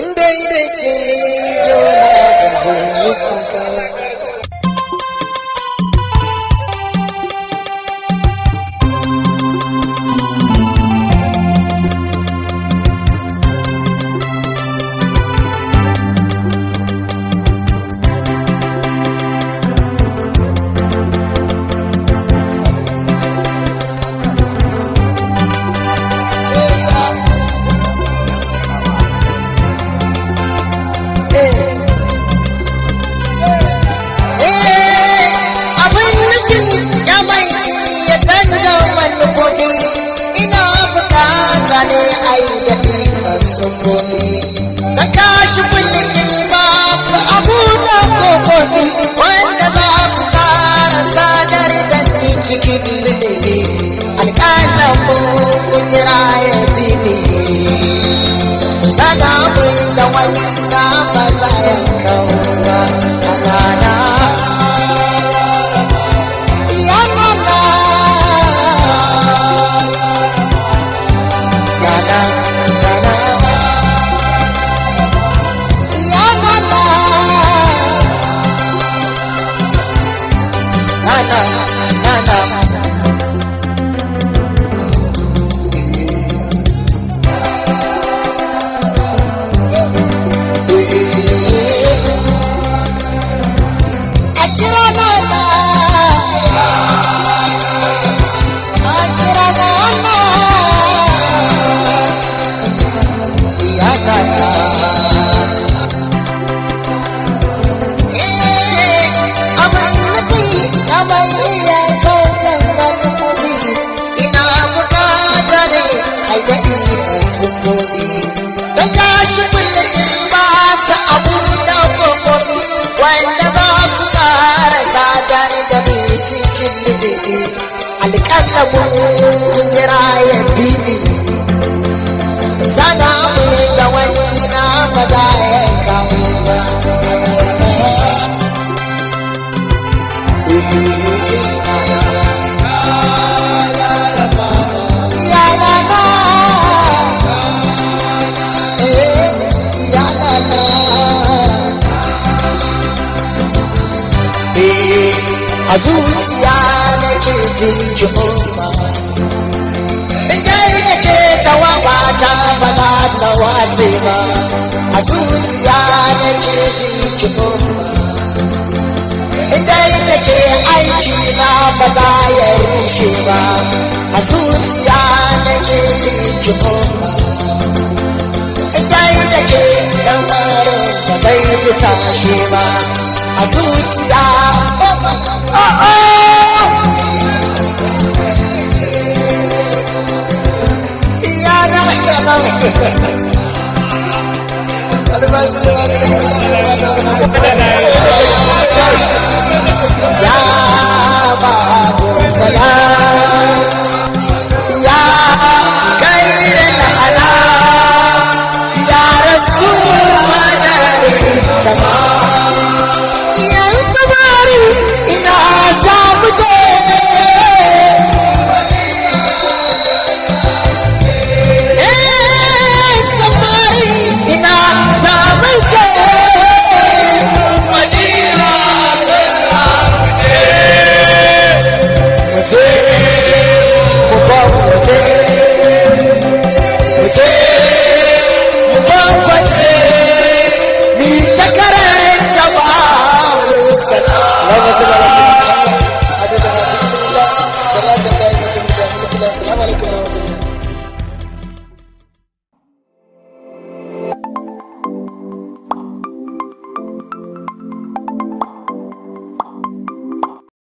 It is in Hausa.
In dai da ke dole ba zai yi kuma. sukofi ka tashi kullum ilma su abu da kofofi wanda za su kara sadar da ni cikin lullubi alƙalamu kudura ya bi ni salamun na na na jiraye cikin umma in dai da ke tawaba ta ba za ta watse ba a zuciya na aiki na ba ya rushe ba a zuciya na ke cikin Ya Babu Salam